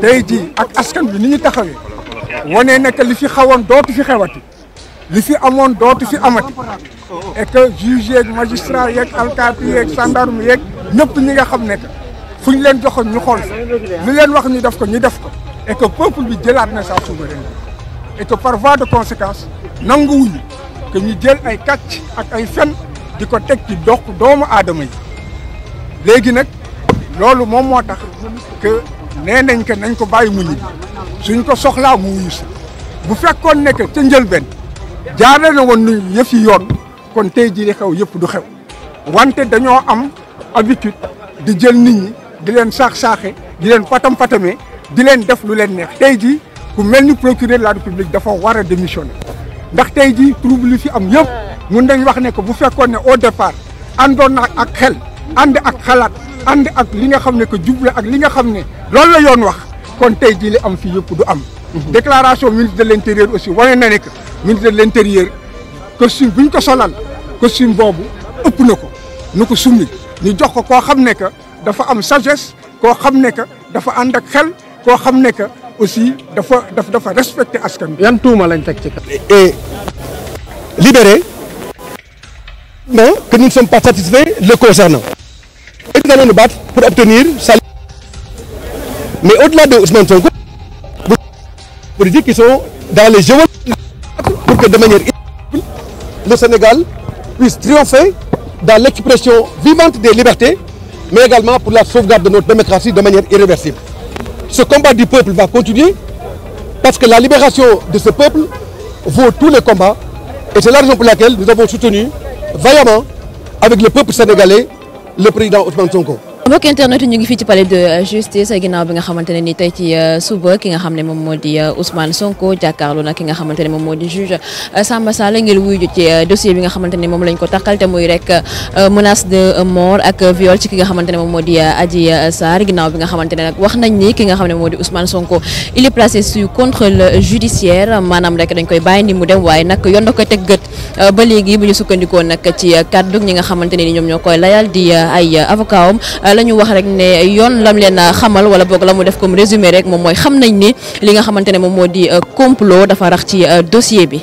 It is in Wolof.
tey jii ak askan bi ni ñu taxawee wane na li fi xawoon dootu fi xewati li fi amoon dootu fi amati et que juge yeeg magistrat yeeg alkaati yeeg gendarme yeeg ñëpp ñi nga xam ne que fu ñu leen joxoon ñu xool li leen wax ñu def ko ñu def ko et que peuple bi jëlaat na sa souveraineté et que par voie de conséquence nanguwuñu que ñu jël ay kàcc ak ay fen di ko teg ci dox doomu aadama yi léegi nag loolu moom moo tax nee nañ nañ ko bàyyi mu ñibbi suñ ko soxlaa mu wuyu si bu fekkoon ne que ca njëlbeen jaare na woon nu yëf yi yoon kon tey jii li xew yëpp du xew wante dañoo am abitude di jël nit ñi di leen saax-saaxe di leen patam patame di leen def lu leen neex tey jii ku mel ni procureur de la république dafa war a démissionner ndax tey jii trouble li fi am yëpp mun nañ wax ne que bu fekkoon ne o départ àndoon na ak xel ànd ak xalaat ànd ak li nga xam ne que juble ak li nga xam ne loolu la yoon wax kon tey jii li am fii yëpp du am. Mhm. déclaration ministre de l' aussi wane na ne que ministre de l' intérieur costume bu ñu ko solal costume boobu ëpp na ko nu ko summi ñu jox ko koo xam ne que dafa am sagesse koo xam ne que dafa ànd ak xel koo xam ne que aussi dafa dafa dafa respecté askan yan tuuma lañ teg ci et libéré non que nous ne sommes pas satisfaits le concernant nous allons nous battre pour obtenir sa Mais au-delà de Ousmane Sonko, pour dire qu'ils sont dans les jeux pour que de manière le Sénégal puisse triompher dans l'expression vivante des libertés, mais également pour la sauvegarde de notre démocratie de manière irréversible. Ce combat du peuple va continuer parce que la libération de ce peuple vaut tous les combats et c'est la raison pour laquelle nous avons soutenu vaillamment avec le peuple sénégalais le président Ousmane Sonko. mbokk internet ñu ngi fii ci palais de euh, justice bi nga xamante ne ni tey ci euh, suba ki xam ne moom moo di euh, Ousmane Sonko jàkkaarloo na ki nga xamante ne moom moo di juge Samba Sall ngir wuyu ci dossier bi nga xamante ne moom lañ ko takkal te muy rek menace de mort ak viol ci ki nga xamante ne moom moo di Adji Sarr ginnaaw bi nga xamante ne nag wax nañ ni ki nga xam ne moo di Ousmane Sonko il est placé sous contrôle judiciaire maanaam rek dañ koy bàyyi nii mu dem waaye nag yoon da koy teg gët ba léegi bu ñu sukkandikoo nag ci kaddu ñi nga xamante ne ni ñoom ñoo koy layal di ay avocat la ñu wax rek ne yoon lam leen xamal wala boog la mu def comme résumé rek moom mooy xam nañ ni li nga xamante ne moom moo di euh, complot dafa rax ci euh, dossier bi.